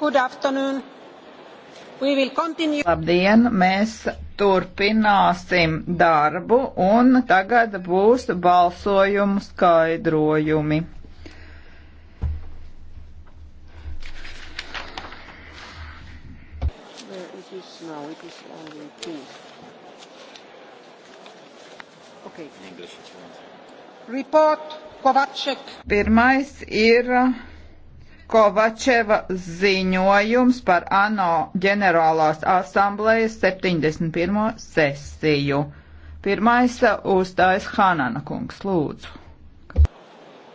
Good afternoon. We will continue. Labdien, mēs turpināsim darbu un tagad būs balsojumu skaidrojumi. Now it is only two. Okay. Report Kovacek. Pirmais ir Kovačeva ziņojums par ANO ģenerālās asamblejas 71. sesiju. Pirmais uh, uzstājas Hanana kungs, lūdzu.